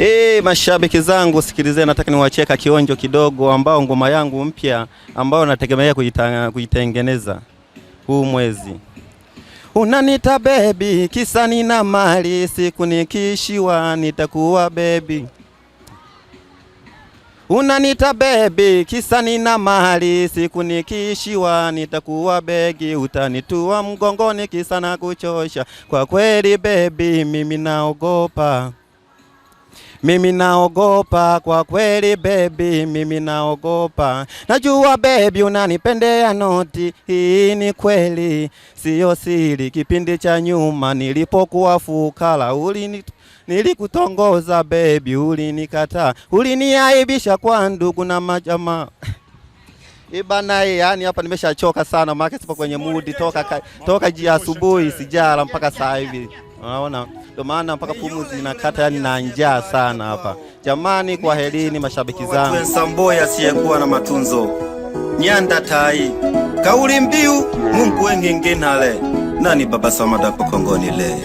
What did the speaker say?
E, mashabiki zangu sikilizeni, nataka niwacheka kionjo kidogo, ambao ngoma yangu mpya ambao nategemea kuitengeneza huu mwezi. Unanita baby kisa nina mali, siku nikishiwa nitakuwa baby. Unanita baby kisa nina mali, siku nikishiwa nitakuwa begi. Utanitua mgongoni kisa na kuchosha, kwa kweli bebi mimi naogopa mimi naogopa kwa kweli baby, mimi naogopa. Najua baby unanipendea noti, hii ni kweli, siyo siri. Kipindi cha nyuma nilipokuwa fukara ulini nilikutongoza baby, ulinikataa, uliniaibisha kwa ndugu na majamaa. Ibana, yani hapa nimeshachoka sana, maana sipo kwenye mudi toka toka asubuhi sijala mpaka saa hivi. Unaona, ndio maana mpaka pumu zinakata, yani na njaa sana hapa. Jamani, kwa helini mashabiki zangu. Samboya asiyekuwa na matunzo nyanda tai kauli mbiu Mungu nale nani baba samada kokongoni le